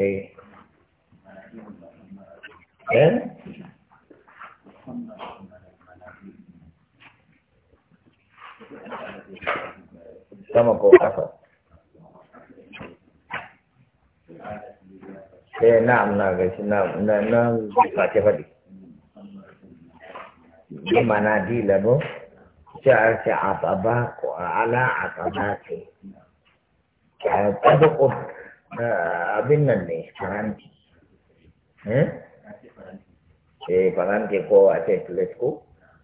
eh eh sama ko kasa eh na na ga shi na na na face fadi bi mana di labo sha'ar sha'aba ko ala aqabati ka tabu Ah, abin nan ne faranti eh, eh faranti ko a ce plate ko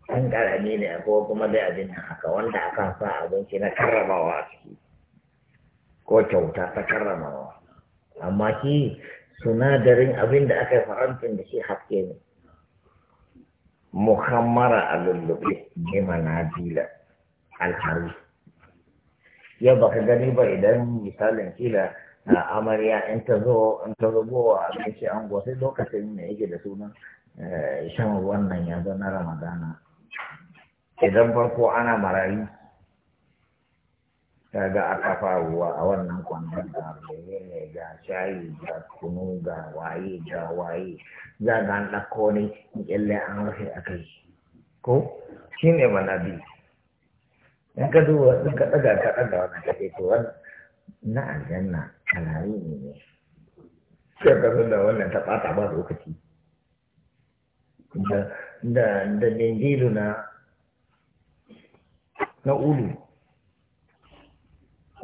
ɗan ƙarami ne ko kuma dai abin nan haka wanda aka sa abinci na karramawa a ciki ko kyauta ta karramawa amma shi sunadarin abin da aka yi farantin da shi haske ne muhammara a lullube ne manazila alharu yau baka gani ba idan misalin kila na amarya in ta zo in ta rubowa abinci an sai lokacin ne yake da sunan eh, shan wannan ya zo na ramadana idan farko ana marayu ta ga aka faruwa a wannan kwanan da ne ga shayi ga kunu ga waye ga waye za ga an ɗakko ne ƙyalle an rufe a kai ko shi ne manabi in ka duba in ka ɗaga ka ɗaga wannan kake to wannan na aljanna alari ne ne sai ka da wannan ta ɓata ba lokaci da da da na na ulu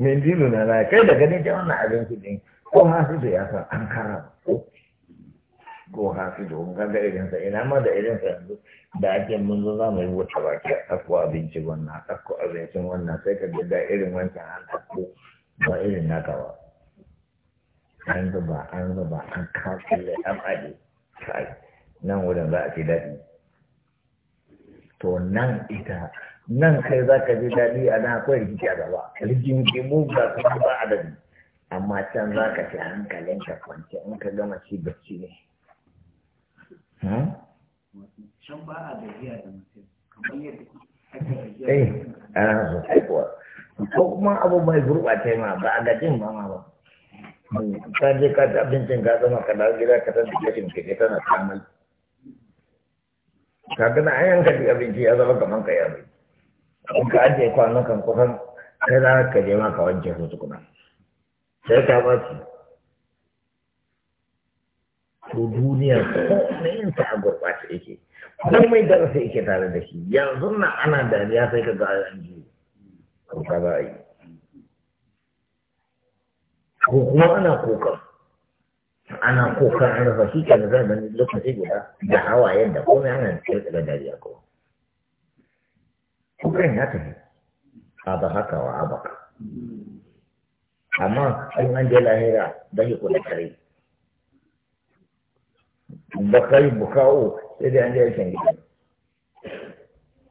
dindilu na na kai da ganin ta wannan abinci din ko su da ya an kara ko hasu da kun kaga irin sa ina ma da irin sa yanzu da ake mun zo za mu yi wuce baki a ɗauko abinci wannan a ɗauko abincin wannan sai ka ga irin wancan an ba irin na ba an zuba an zuba an kafalle an aɗe sai nan wurin za a ce daɗi to nan ita nan kai za ka ji daɗi a nan akwai rikici a gaba rikici mu ba kuma ba a daɗi amma can za ka ce hankalin ka kwanci in ka gama ci bacci ne hmm? can ba a gajiya da mutum kamar yadda ake gajiya eh, da mutum ko kuma abu bai gurɓace ma ba a gajin ba ma ba ka je ka ci abincin ka zama ka dawo gida ka san tikitin ka ke tana kamar ka gana an yanka ci abinci ya zama kamar ka yaro in ka ajiye kwanan kan kusan sai za ka je ma ka wanke su tukuna sai ka ba su to duniya yin ta a gurɓace yake komai darasa yake tare da shi yanzu na ana dariya sai ka ga an ji القبائل حكم أنا كوكا أنا كوكا أنا فشي كان زي من لك تيجي لا حوا يند كوم أنا نسيت لداري أكو كوكا ناتي هذا هكا وعبك أما أي من جل هيرا ده يكون كري بقالي بقاو إذا عندي شيء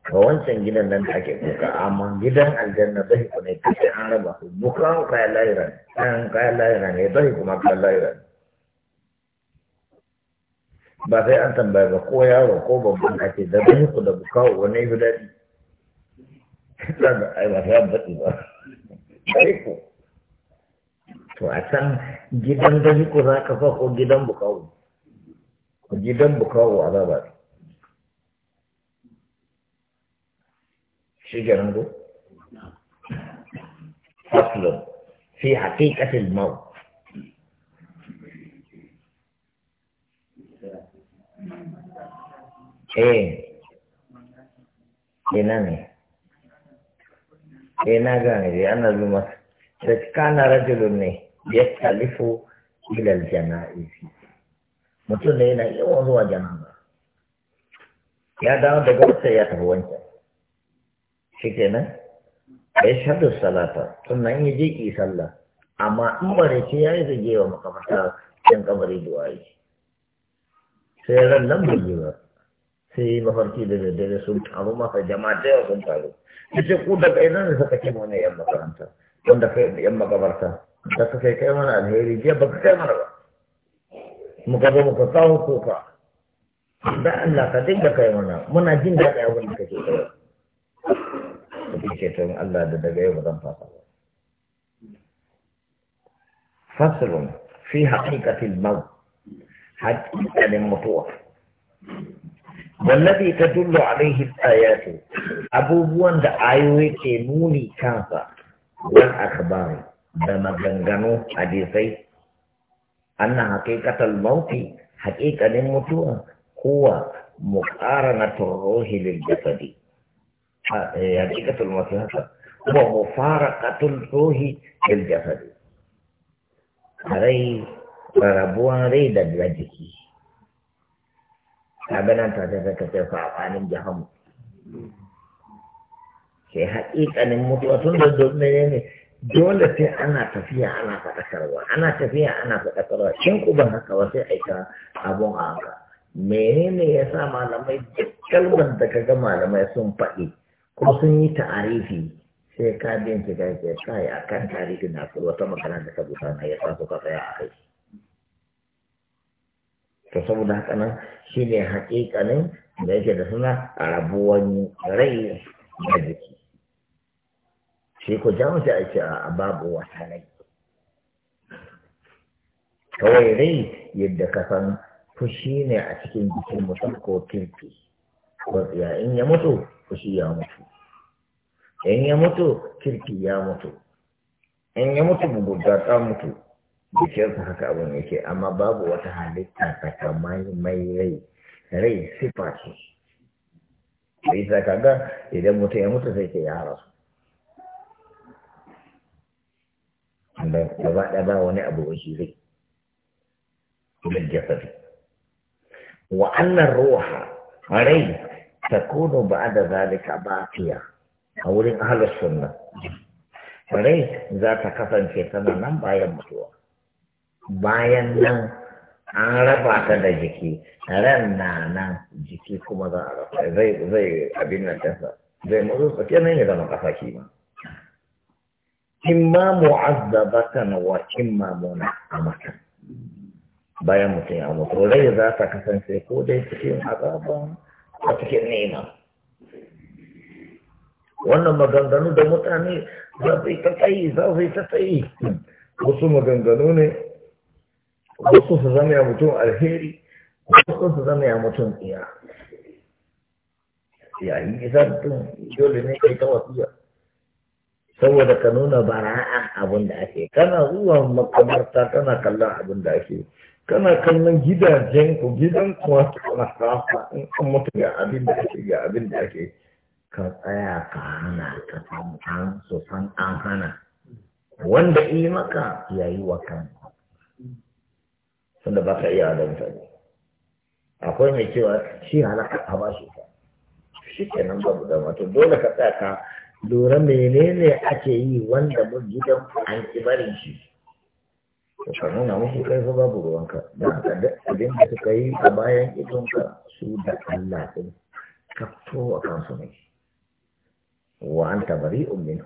ga wancan gidan nan da ake kuka amma gidan aljanna zai ku ne kace an raba ku bukan kayan lahira an kayan lahira ne zai kuma kayan lahira ba sai an tambaya ba ko yaro ko babban ake da zai ku da bukawo wani yi daɗi ai ba sai an faɗi ba sai ku to a can gidan zai ku za ka fa ko gidan bukawo gidan bukawo a ne شجره فصل في حقيقة الموت ايه لنمي ايه ناقاني لأن المصر كان رجل يختلف إلى الجنائز متون لنا يوضوا إيه، جنابا يا داو دقوة سيئة هو انت shi a yi shaɗu salata sannan ya je ki sallah amma in bari ce ya yi zage wa makamata yan duwa yi sai ya nan bai yi ba sai mafarki da daddare sun taru masa jama'a da yawa sun taru ce ku daga idan da suka ce mana yan makaranta wanda kai yan makamarta da suka kai mana alheri jiya ba ka kai mana ba ka zo ka kawo kuka da Allah ka dinga kai mana muna jin daɗi abin da kake kai yake to Allah da daga yau ba zan fasa ba fasalun fi haqiqatil maut haqiqatin mutuwa wallazi tadullu alaihi ayatu abubuwan da ayoyi ke nuni kansa wal akhbari da maganganu hadisai anna haqiqatal mauti haƙiƙanin mutuwa huwa muqaranatur ruhi lil jasadi حقيقة المصلحة ومفارقة الروح بالجسد rai rarrabuwan rai da jiki abinan ta ta ka ce saɓanin jihamu ke haƙiƙanin mutuwa tun da domin ne dole sai ana tafiya ana faɗakarwa ana tafiya ana faɗakarwa in ku ban haka ba sai aika abun a haka menene ya sa malamai duk kalmar da ka ga malamai sun faɗi kuma sun yi ta'arifi sai ka bincika ke sai a kan tarihi na su wata magana da ka ta na ya sa ka tsaya a kai to saboda haka nan shi ne hakikanin da yake da suna rabuwan rai da jiki shi ko jamus ya ce a babu wata nai. kawai rai yadda ka san fushi ne a cikin jikin mutum ko kirki ko in ya mutu fushi ya mutu in ya mutu kirki ya mutu in ya mutu bubuda ta mutu dukiyarsa haka abin yake amma babu wata halitta mai rai rai sifa ce da isa kaga idan mutu ya mutu sai ke ya rasu da gaba ɗaya ba wani abu wani rai min jasadi wa annan ruwa rai ba da zalika ba fiya a wurin ahalar sunna rai za ta kasance tana nan bayan mutuwa bayan nan an raba ta da jiki ran na nan jiki kuma za a raba zai zai abin nan tasa zai mutu tsakiya ne ya zama kasa kima imma mu'azzabatan wa imma amata. bayan mutum ya mutu rai za ta kasance ko dai cikin azaba ko cikin ni'ima wannan maganganu da mutane za su yi ta tsayi za su yi ta tsayi wasu maganganu ne wasu su zama ya mutum alheri wasu su zama ya mutum iya yayin isa mutum dole ne kai ta wasiya saboda ka nuna bara'a abin da ake kana zuwa makamarta kana kallon abin da ake kana kallon gidajen ku gidan kuma kana kafa in an mutu ga abin da ake ga abin da ake ka tsaya ka hana ka san an so san an hana wanda yi maka ya yi wa kan tunda ba ka iya adanta ne akwai mai cewa shi halaka a ba shi ka shi nan babu da mato dole ka tsaya ka lura menene ake yi wanda mun gidan an ki barin shi ka nuna musu kai fa babu ruwanka da abin da suka yi a bayan idonka su da Allah ɗin ka fito kansu ne وأنت بريء منه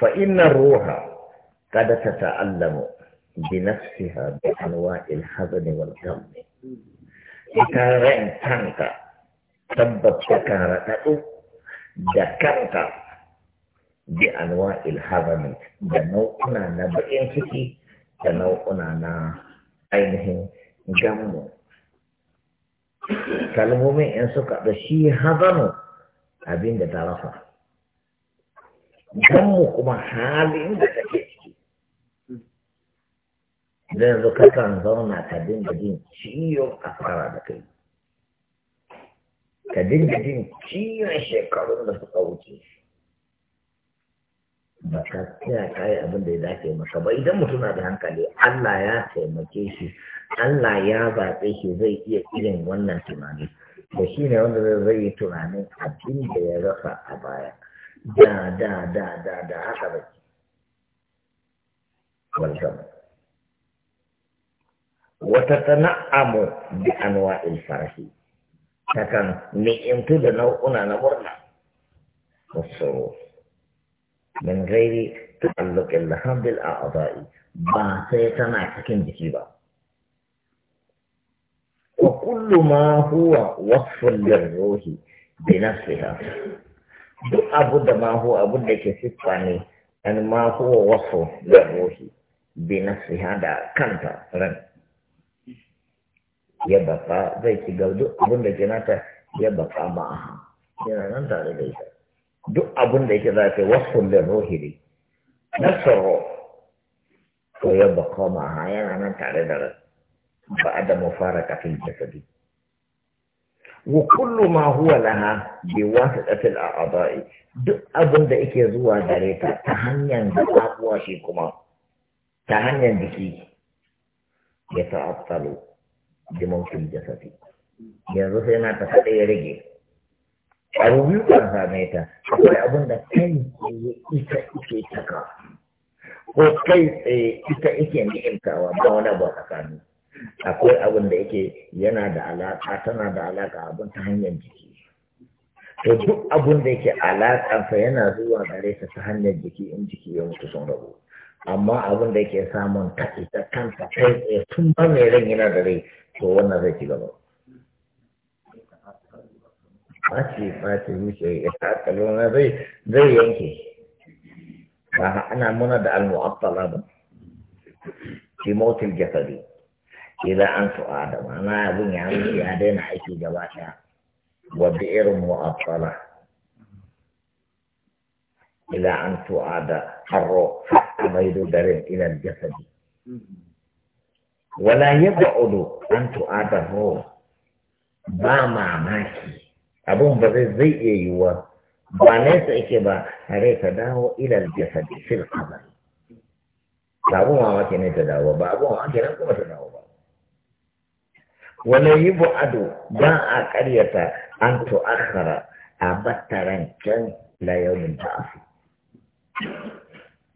فإن الروح قد تتألم بنفسها بأنواع الحزن والغم إذا رأيتك تبت رأتك ذكرت بأنواع الحزن دنوعنا نبئن فيك نا أينهم غم kalmomin in suka da shi hazanu abin da ta rasa mu kuma halin da take ciki zai yanzu kakan zauna ka dinga jin ciwon ƙasara da kai ka dinga jin ciwon shekarun da suka wuce ba ka tsaya kayi abin da ya dace masa ba idan mutum na da hankali Allah ya taimake shi Allah ya zaɓe shi zai iya irin wannan tunani da shi ne wanda zai yi tunanin abin da ya rasa a baya da da da da da haka ba wajen wata tana'amu bi anwa ilfarashi takan ni'imtu da nau'una na murna min gairi ta'alluqin laha a a'dha'i ba sai tana cikin jiki ba wa kullu ma huwa wasfun lirruhi bi nafsiha duk abu da ma huwa abu da ke siffa ne an ma huwa wasfun ruhi bi nafsiha da kanta ran ya baka zai ci gaudu abin da ke nata ya baka ma'aha yana nan tare da ita duk abin da yake zafi wasu da ne na tsoro to ya koma ha yana nan tare da ran ba a da mafara kafin jasadi wa kullu ma huwa laha bi wasatil a'dai duk abin da yake zuwa gare ta ta hanyar zabuwa shi kuma ta hanyar jiki ya ta'attalu bi mawqil jasadi yanzu sai na ta kada ya rage abu biyu kan same ta akwai abin da kai tsaye ita ike taka ko kai tsaye ita ike ni'imtawa ba wani abu a tsakani akwai abin da yake yana da alaƙa tana da alaƙa abin ta hanyar jiki to duk abin da yake alaƙansa yana zuwa gare ta ta hanyar jiki in jiki ya mutu sun rabu amma abin da yake samun ta ita kanta kai tsaye tun ba mai ran yana da rai to wannan zai ci gaba face face wuce ya haka lona zai zai yanke ba ana muna da al-mu'attala ba fi mautil jasadi ila an su'ada ma'ana abin ya wuce ya daina aiki gaba ɗaya wa bi'ir mu'attala ila an su'ada harro a maido garin ila jasadi wala ya an su'ada ho ba mamaki Abin ba zai zai iya yiwuwa ba nesa yake ba rai ta dawo ilal jasadi fil qabr ba abun mamaki ne ta dawo ba abun mamaki ne kuma ta dawo ba wani yi ado ba a karyata an tu'akhara a battaran can la yawmin ta'afi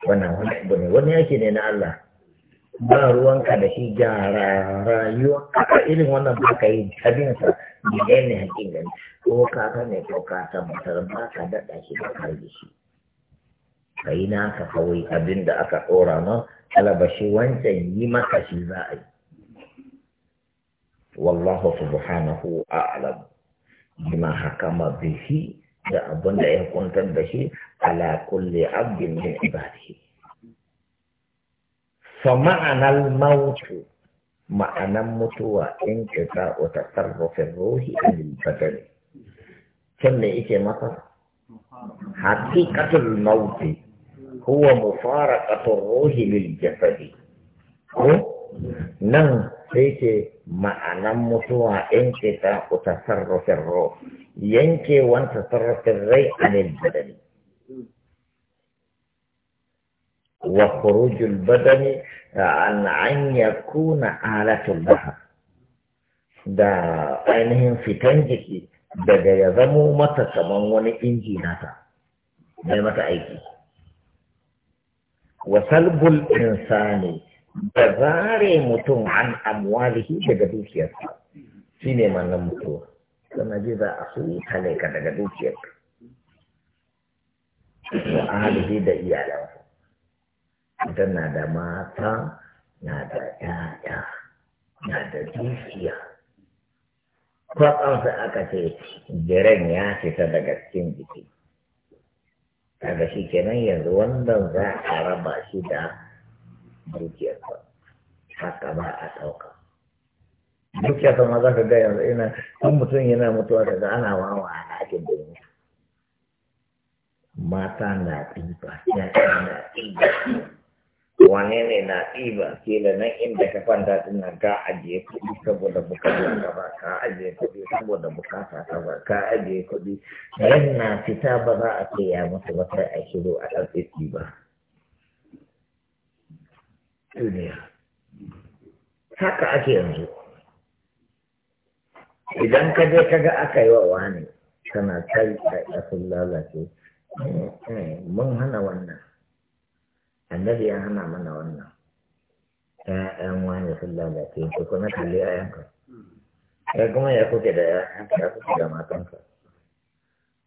wannan wani abu ne wani yake ne na Allah ba ruwanka da shi gyara rayuwa a irin wannan ba ka yi abinsa da ɗaya ne gani ko ka ka ne ko ka tabbatar ba ka daɗa shi ba ka shi ka yi naka kawai abin da aka ɗora ma alabashi wancan yi maka shi za a yi wallahu subhanahu a'lam bima hakama bihi da abin da ya kuntar da shi ala kulli abdin min ibadihi fa ma'anar mautu ma'anan mutuwa in kita wa tasarrufin ruhi a badani can me yake masa haqiqatul mauti huwa mufaraqatul ruhi lil jasadi ko nan sai ce ma'anan mutuwa in kita wa tasarrufin yankewan tasarrufin rai a wa khurujul badani an an yakuna alatul baha da ainihin fitan jiki daga ya zamo mata kaman wani inji nata mai mata aiki wasalbul insani da zare mutum an amwalihi daga dukiyarsa shi ne manan mutuwa sana ji za a su ka daga dukiyarka da ahalihi da iyalansa tana da mata na da yaya na da dukiya kwatsansa aka ce jiran ya fita daga cikin jiki daga shi kenan yanzu wannan za a raba shi da dukiyarsa haka ba a ɗauka dukiyarsa ma za ka ga yanzu ina mutum yana mutuwa daga ana wawa a ɗakin da yanzu mata na ɗiba ya na ɗiba wanene na ɗiba ke inda ka kwanta tana ka ajiye kuɗi saboda bukata ka ba ka ajiye kuɗi saboda bukata ka ba ka ajiye kuɗi na fita ba za a ce ya mutu ba a shiru a ɗan tsitsi ba duniya haka ake yanzu idan ka je ka ga aka yi wa wani kana kai a sun lalace hmm, hmm, mun hana wannan annabi ya hana mana wannan ƴaƴan wani sun ke, ko kuma kalli ƴaƴanka kai kuma ya kuke da ƴaƴanka ya kuke da matanka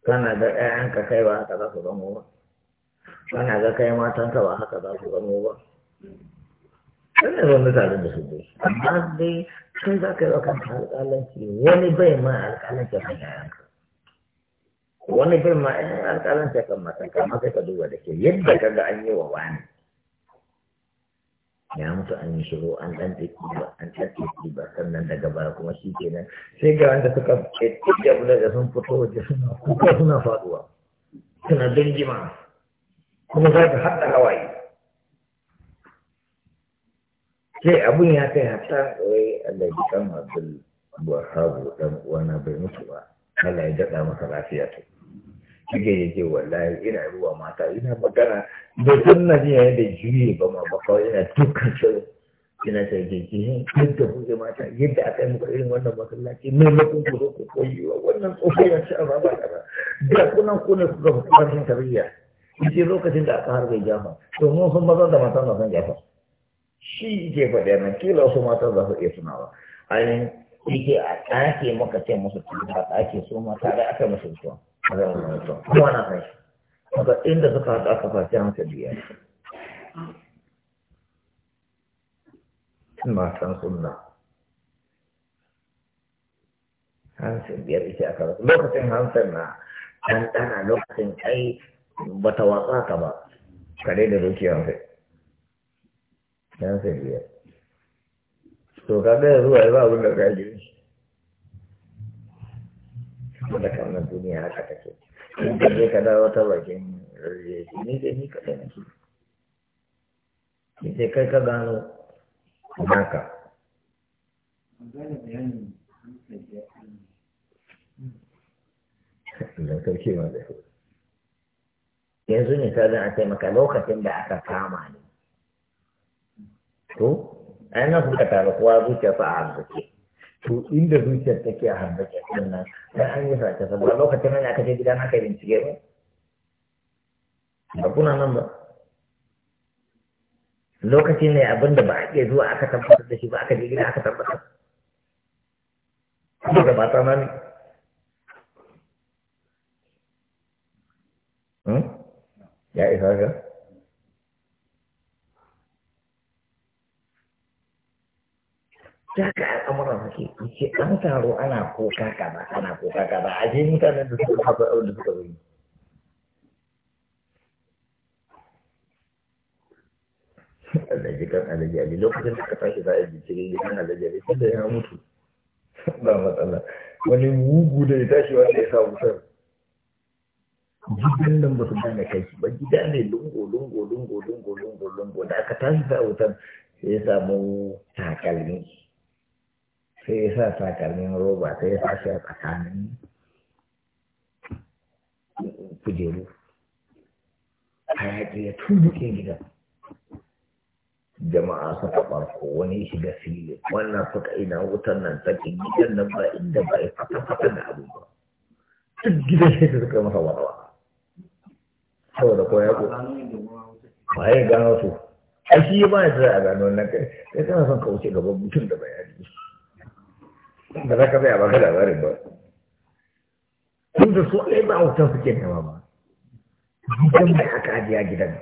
kana ga ƴaƴanka kai ba haka za su zamo ba kana ga kai matanka ba haka za su zamo ba sun ne zan mutane da su dai amma dai kai za ka yi wa kanka alƙalanci wani bai ma alƙalanci kan ƴaƴanka wani bai ma alƙalanci alƙalanci kan matanka amma kai ka duba da ke yadda ka ga an yi wa wani ya mutu an yi shiru an dan tsaki ba an dan tsaki ba sannan daga baya kuma shi kenan sai ga wanda suka tsaki abu da sun fito waje suna kuka suna faduwa suna dangima kuma za ta haɗa hawaye sai abun ya kai hatta wai Allah ji kan Abdul sabu dan uwana bai mutu ba Allah ya daɗa masa lafiya to kike ya ce wallahi ina ruwa mata ina magana da san na ji yayin da juye ba ma ba kawai ina dukkan shirin ina sai ke ke yadda kuke mata yadda aka yi muku irin wannan masallaci mai makon ku zo ku koyi wa wannan tsofayyar shi a ba ba kaza da kunan ku ne kuka fi ƙarfin tarbiyya ce lokacin da aka harbe jafa to mun san maza da mata na san jafa shi ke faɗi nan kila wasu mata za su iya tunawa ainihin yake a ɗaki maka ce musu tunawa a ɗake su mata da aka musu tuwa a zama mutum kuma na kai daga inda suka haɗu aka faci hankali ya matan sunna hansin biyar ita aka rasu lokacin hansin na ɗan ɗana lokacin kai bata watsa ka ba kare da doki hansin hansin biyar to kaga yanzu ba abin da ka gini da kamar duniya haka take in ka je ka dawo ta bakin rarrashi ni zai ni kaɗai nake ni zai kai ka gano naka Allah sarki ma da yanzu ne ta zan a maka lokacin da aka kama ni to ai na kuka tare kowa zuciya fa a arziki to inda zuciyar take a harbace ɗin nan sai an yi sace saboda lokacin nan kashe gida gidan kai bincike ba ba kuna nan ba lokacin ne abin da ba a iya zuwa aka tabbatar da shi ba aka je gida aka tabbatar Kuma da ba ta nan hmm? ya isa ga ta ka al'amura muke yake an taro ana koka kaza ana koka kaza a je mutanen da suka a da suka zo Allah ji kan alaji ali lokacin da ka tashi za a ji cikin kan alaji ali sai da ya mutu ba matsala wani mugu da ya tashi wanda ya sa wutar gidan nan ba su gane kai ba gida ne lungo lungo lungo lungo lungo lungo da aka tashi a wutar sai ya samu takalmi sai ya sa takalmin roba sai ya sashi a tsakanin kujeru hayaƙi ya tumbuke gidan jama'a suka farko wani shiga fili wannan suka ina wutar nan tsakin gidan nan ba inda ba ya fata-fata da abu ba duk gidan shi ta suka masa wawa saboda ko ya ko ba ya gano su a shi ba ya tsaye a gano nan kai sai kana son ka wuce gaban mutum da bayani ba za ka zaya a baka labarin ba tun da su ɗaya ba wutan suke nema ba gidan mai aka ajiya gidan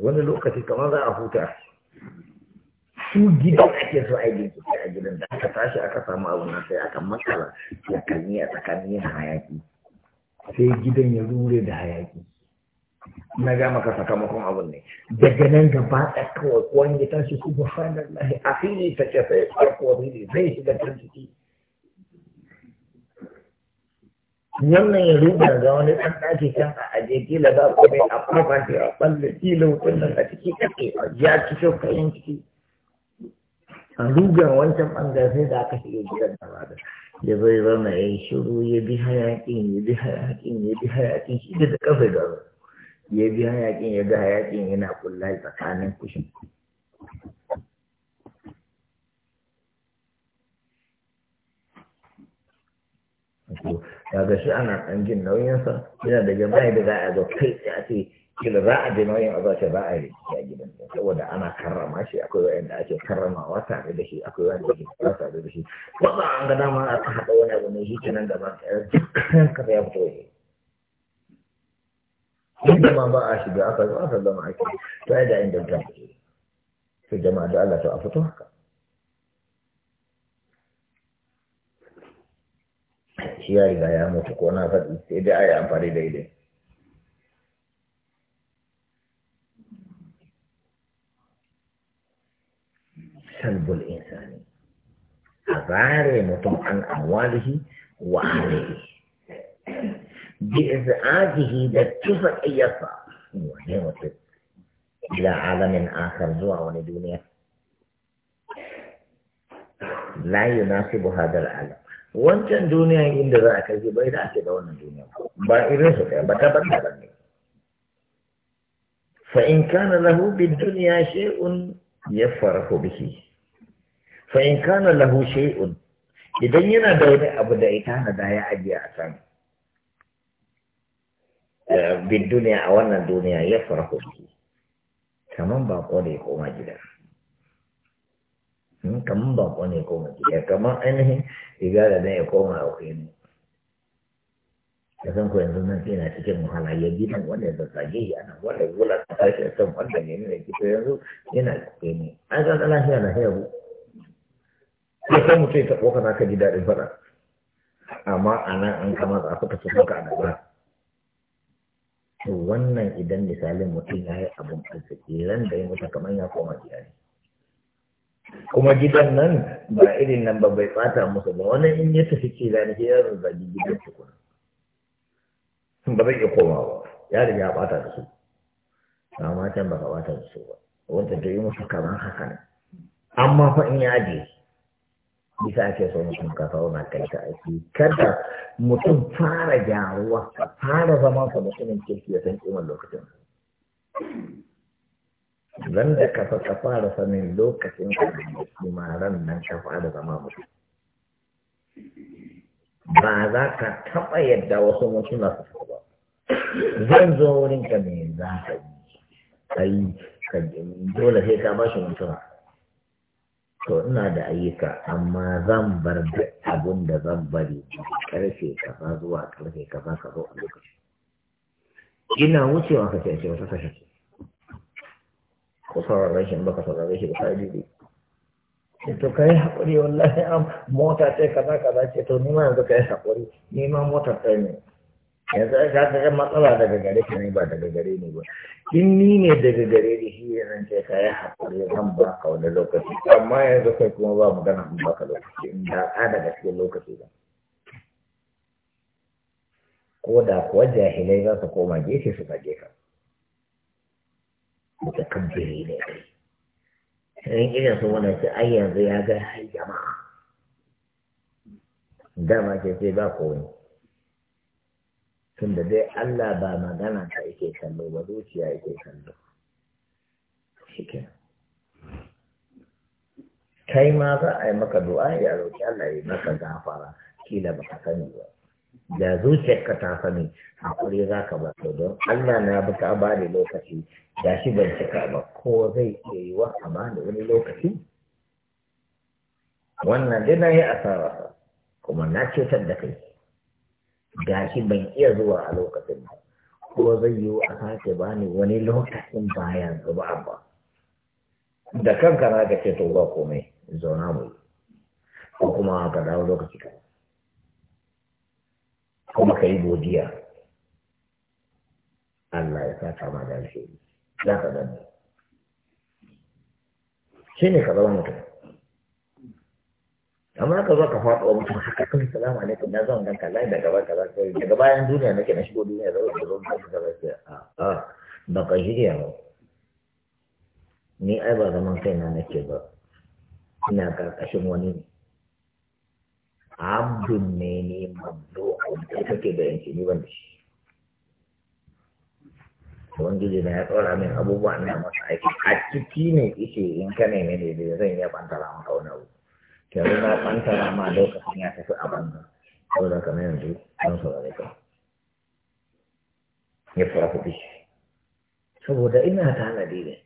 wani lokaci kamar za a huta su gidan ake so a yi a gidan da aka tashi aka samu abu na sai aka matsala ya kanyi a tsakanin yin hayaki sai gidan ya rure da hayaki na ga maka sakamakon abin ne daga nan gaba ɗaya kawai ko ya tashi ku ba fadar lahi a fili ta ce sai farko fili zai shiga can ciki wannan ya ruba ga wani ɗan ɗaki can a aje kila za ku mai a farfa shi a ɓalle kila wutan nan a ciki kake ya ci shi kayan ciki a ruga wancan ɓangare sai da aka shiga gidan da ba ya zai zama ya yi shiru ya bi hayaƙin ya bi hayaƙin ya bi hayaƙin shi da ƙafa da ya bi hayakin ya ga hayakin yana kulla tsakanin kushin daga shi ana ɗan jin nauyinsa yana da jama'i da za a zo kai a ce kila za a ji nauyin a za ce za a yi a gidan saboda ana karrama shi akwai da ake karramawa tare da shi akwai da ake karrama tare da shi wanda an ga dama ka haɗa wani abu ne shi kenan gaba ɗaya kan kasa ya fito عندما باعش بعقل وافضل معك فعلا عند الجمع في الجماعة الله سأفضلها شيء إذا يا متقونا فإذا يا أمبري سلب الإنسان حضاره متقن أمواله وعليه بإزعاجه دكتوفة إياسا وحيوتك إلى عالم آخر زوى ولدنيا لا يناسب هذا العالم wancan duniya inda za a kai bai ake da wannan duniya ba irin su ba ta banda ba ne fa lahu bid dunya shay'un yafrahu bihi fa in lahu idan yana da wani abu da ita na da ya ajiya a sami. Eh, bid dunia a wannan duniya ya fara shi kaman ko ne koma gida hmm, kaman bako ne koma gida kaman ainihin riga da zai koma a kwenu da san ko yanzu nan ina cikin wahala ya gida wanda ya zazzage shi ana wanda ya wula ta tashi san wanda ne ne ki to yanzu yana kwenu an da lafiya na hebu ko sai mutai ta kana ka ji daɗin fara amma a nan an kama za ku tafi ka a ba to wannan idan misalin mutum ya yi abin arziki ran da ya mutu kamar ya koma gida ne kuma gidan nan ba irin nan ba bai fata musu ba wani in ya tafi ce za ni ya zagi gidan tukun ba zai iya koma ba ya da ya bata da su amma can ba ka bata da su ba wanda da yi musu kamar haka amma fa in ya je bisa ake so mutum ka zauna kai ta aiki kada mutum fara gyaruwa fara zaman sa mutumin kirki ya san kiman lokacin ran da ka ka fara sanin lokacin ka da nan ka fara zama mutum ba za ka taɓa yadda wasu mutum na su ba zan zo wurin ka me za ka yi dole sai ka bashi shi mutuwa to ina da ayyuka amma zan bar duk abin da zan bari karfe kaza zuwa karfe kaza ka zo a lokaci ina wucewa ka ce wata kashe ko sauraron shi baka sauraron shi ba ka daidai ce to kai haƙuri wallahi am mota ce kaza kaza ce to ni ma yanzu kai haƙuri ni ma motar ɗaya ne yanzu ai ka ga matsala daga gare ka ne ba daga gare ni ba in ni ne daga gare ni shi ne nan ce ka yi hakuri zan ba ka wani lokaci amma yanzu kai kuma ba magana in baka lokaci in da ka daga cikin lokaci ba ko da kuwa jahilai za su koma gefe su ka gaje ka jiri ne kai in irin su wani ce ai yanzu ya ga jama'a dama ce sai ba kowai tunda dai Allah ba magana ta yake kallo ba zuciya yake kallo shikenan kai ma za a yi maka du'a ya roki Allah ya maka gafara kila ba ka sani ba da ka ta sani a hakuri za ka ba don Allah na bi ka ba da lokaci da shi ban cika ba ko zai iya yi wa a ba wani lokaci wannan dai na yi asara kuma na cutar da kai gashi ban iya zuwa a lokacin ba ko zai yiwu a sake bani wani lokacin bayan zuba ba da kanka ka ce to ba komai zauna mu ko kuma ka dawo lokaci ka kuma ka yi godiya Allah ya saka ma da alheri za ka gani shi ne ka zama mutum amma ka zo ka faɗo wa mutum haka kan salamu alaikum na zan ganka lai daga baya kaza sai daga bayan duniya nake na shigo duniya zai zo ka shiga sai a a ba ka shirya ba ni ai ba zaman kaina nake ba ina karkashin wani ne abdun ne ne mabdo da kake da yanki ni ban da shi ubangiji na ya tsora min abubuwa ina masa aiki a ciki ne ishe in ka ne ne ne zan iya bantara maka wani abu yanzu na ɓantara ma lokacin ya tafi a banza ko da kamar yanzu don da ka ya fara kuɗi saboda ina tanadi ne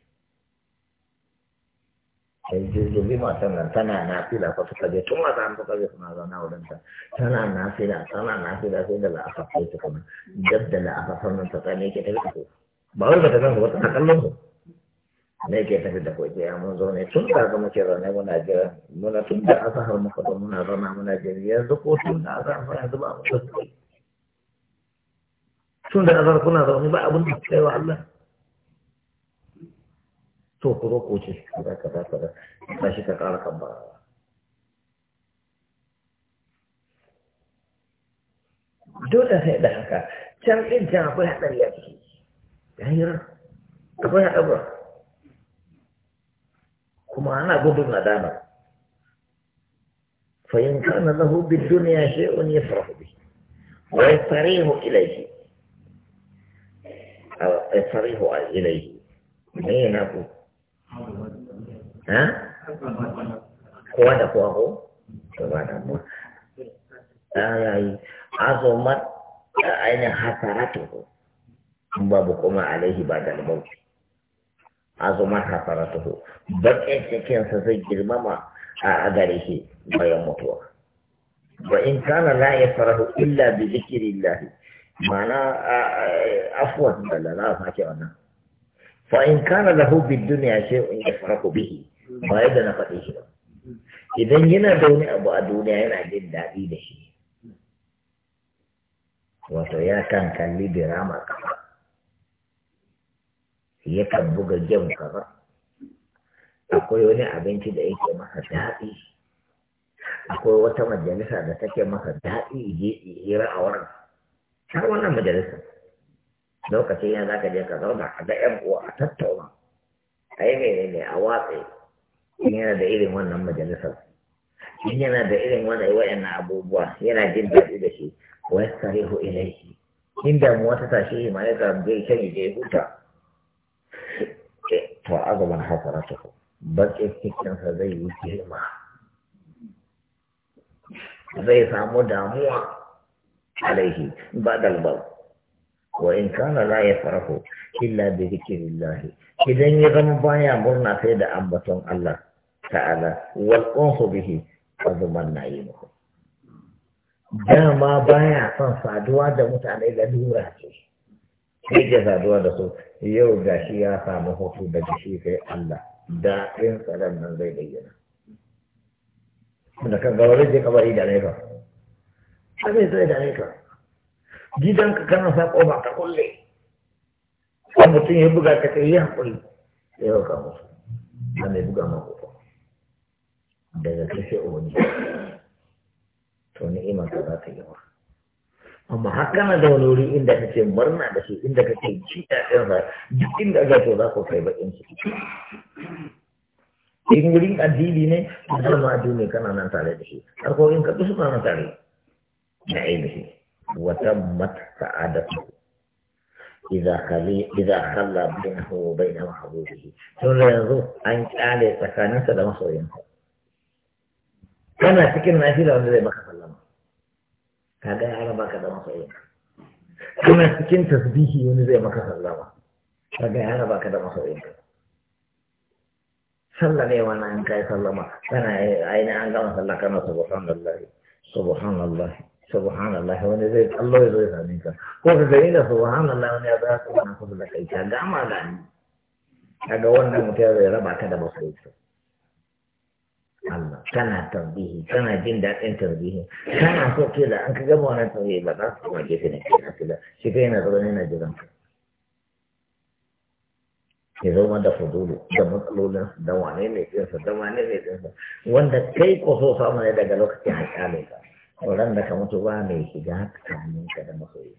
sai jirgin matan nan tana na fila fa suka je tun maza an suka je suna zauna wurin ta tana na fila tana na fila sai da la'afafai su kuma nan dab da la'afa nan ta tsane ke ta rika ba wani ba ta zan ba tana kallon su ne ke tafi da koke ya mun zo ne tun da ga muke zaune muna jira muna tun da azahar muka zo muna zauna muna jira yanzu ko tun da azahar fa yanzu ba mu tafi tun da azahar kuna zaune ba abin da kai wa Allah to ku zo ku ce kaza kaza kaza ba shi ka ƙara kan ba dole sai da haka can ɗin can akwai haɗari a ciki ya hira akwai haɗari kuma ana gudun nadama fa in kana lahu bid dunya shay'un yafrahu bihi wa yasrihu ilayhi aw yasrihu ilayhi me yana ku ha kowa da kowa ko kowa da kowa ayayi azumat ainihin hasaratu babu kuma alaihi ba da mauti ta hafaratuhu bakin cikinsa zai girmama a gare shi bayan mutuwa wa in kana la yafrahu illa bi dhikrillah mana afuwar da la fa ke wannan fa in kana duniya bid in fara ku bihi ba yadda na faɗi shi ba idan yana da wani abu a duniya yana jin daɗi da shi wato ya kan kalli dirama kamar yakan buga jan kaza akwai wani abinci da yake masa daɗi akwai wata majalisa da take masa daɗi je hira a wurin har wannan majalisa lokacin ya zaka je ka zauna a ga yan uwa a tattauna a yi menene a watsi in yana da irin wannan majalisa. in yana da irin wannan wa'annan abubuwa yana jin daɗi da shi wa yasarihu ilaihi inda mu wata tashi ma ya ga bai shan ya huta to azaman hasaratuhu baƙin cikinsa zai yi girma zai samu damuwa alaihi ba dalbal wa in kana la ya farahu illa bi zikrillah idan ya zama baya murna sai da ambaton Allah ta'ala wal qansu bihi azuman na'imuhu dama baya son saduwa da mutane da lura ce sai da saduwa da su yau da shi ya samu hutu daga shi sai Allah daɗin tsaron nan zai bayyana da kan gawarin je kabari da ne ka abin sai da ne ka Gidan ka kana sa ba ka kulle wani mutum ya buga ka kai ya haƙuri ya yau ka musu na mai buga ma ƙofa daga kashe umarni to ni'imar ka za ta yi wa amma hakana da wani wuri inda ka ce murna da shi, inda ka ce ci a ɗin ba duk inda ga to za ku kai bakin su in wurin addini ne a zama addini kana nan tare da shi har ko in ka dusu ma na tare na yi da shi wata mat sa'ada ku idan kalla bin hau bai na mahabu da shi sun da yanzu an kyale tsakaninsa da masoyinsa kana cikin nafi da wanda zai maka sallama kaga ga ya raba ka da masoyin kana cikin tasbihi wani zai maka sallama kaga ga ya raba ka da masoyin ka sallah ne wannan in kai sallama kana aina an gama sallah kana subhanallahi subhanallahi subhanallah wani zai Allah ya zai sani ka ko ka gani da subhanallah wani ya za ka wani kusa da kai ka gama da ni kaga wannan mutum ya raba ka da masoyin Allah kana tarbihi kana jin dadin tarbihi kana so ke da an ka gama wannan tarbihi ba za su kuma gefe ne kai asila shi kai na yana ne na jiran ka ya zama da fudulu da matsalolin da wane ne ke sa da wane ne ke sa wanda kai ko so samu ne daga lokacin haƙalin ka wannan da ka mutu ba mai shiga tsakanin ka da masoyi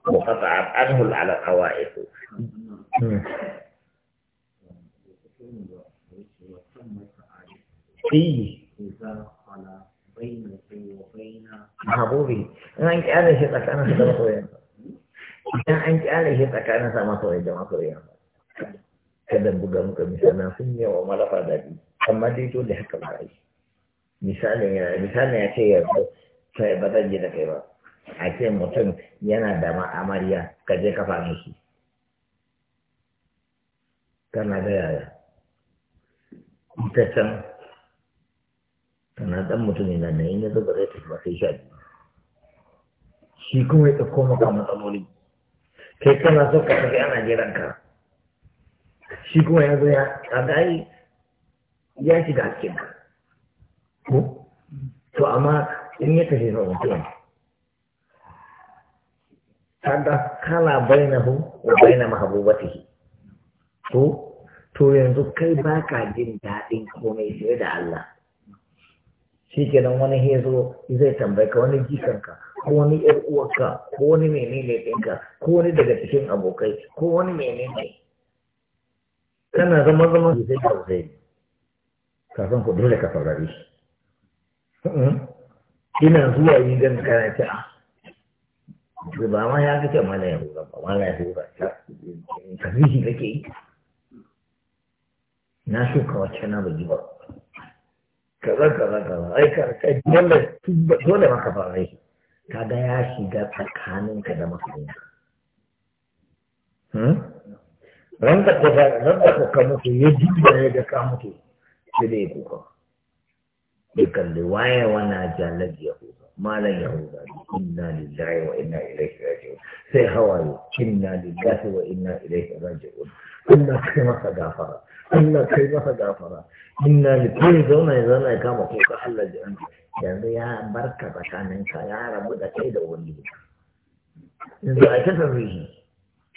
وقطع عنه على الحوائط fihi mahabubi in an kyale shi tsakanin da masoyansa idan an kyale shi tsakanin sa masoyan da masoyansa kada buga muka misalan sun yi wa malafa daɗi amma dai dole haka ba a ya ce yanzu sai ba zan je da kai ba mutum yana da ma'amariya ka je ka fara shi kana da yaya ita can kana dan mutum yana da in yanzu ba zai tafi ba sai sha shi kuma ya ɗauko maka matsaloli kai kana so ka tafi ana jiran ka shi kuma ya zo ya kaga ya shiga cikin ka ko to amma in ya tafi ba mutum Kala baina hu wa baina mahabubatihi to to yanzu kai baka jin daɗin komai sai da Allah shi kenan wani hezo zai tambaye ka wani jikanka ko wani yar uwarka ko wani menene ɗinka ko wani daga cikin abokai ko wani menene kana zama zama zai tausayi ka san ku dole ka saurari shi mm-hmm. ina zuwa yi gan kana ta a ah, ba ma ya kace mana ya hura ba mana ya hura ka yi shi kake yi na shuka wacce na bai yi ba kaza kaza kaza ai ka kai dole dole maka fara yi kaga ya shiga tsakaninka da masoyinka hmm? ran da kuka ran da kuka mutu yaji da ya ga ka mutu sai dai kuka ya kalli waye wana jalal yahuda malam yahuda inna lillahi wa inna ilaihi raji'un sai hawaye inna lillahi wa inna ilaihi raji'un Allah kai masa gafara Allah kai masa gafara inna ni kai zauna ya zauna ya kama kuka Allah ji an yanzu ya barka tsakanin ka ya rabu da kai da wani yanzu a ta tarrihi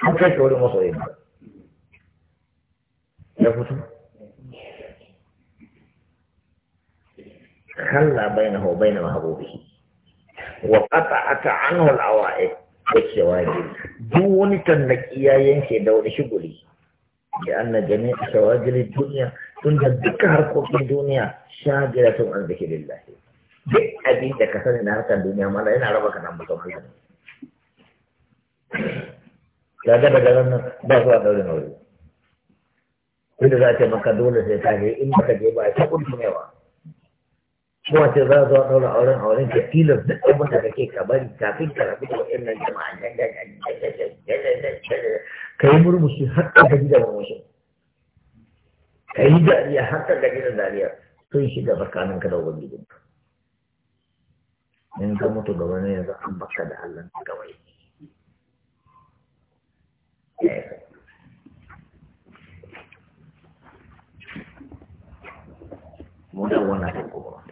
an kai wurin masoyin ya fito kalla bainahu wa bain mahbubihi wa qata'ata anhu al-awa'id wa shawahid duk wani tannaki ya yanke da wani shuguli ke anna jami shawagil duniya, tun da dukkan harkokin sha shagira tun an da ke lillahi duk ka sani na harkar dunya mana yana raba ka nan bakon halin ya ga daga nan ba su a daure na wuri za a ce maka dole sai ta ce in ba ka je ba a ce kun tunewa kuma ce za a zo a ɗaura auren auren ka tilas duk abin da kake ka bari kafin ka rabu da nan jama'a ka yi murmushi har ka gaji da murmushi ka yi dariya har ka gaji da dariya sun shiga tsakanin ka da ubangijin ka in ka mutu gaba ne yanzu an baka da Allah gaba yi mu da wannan kuma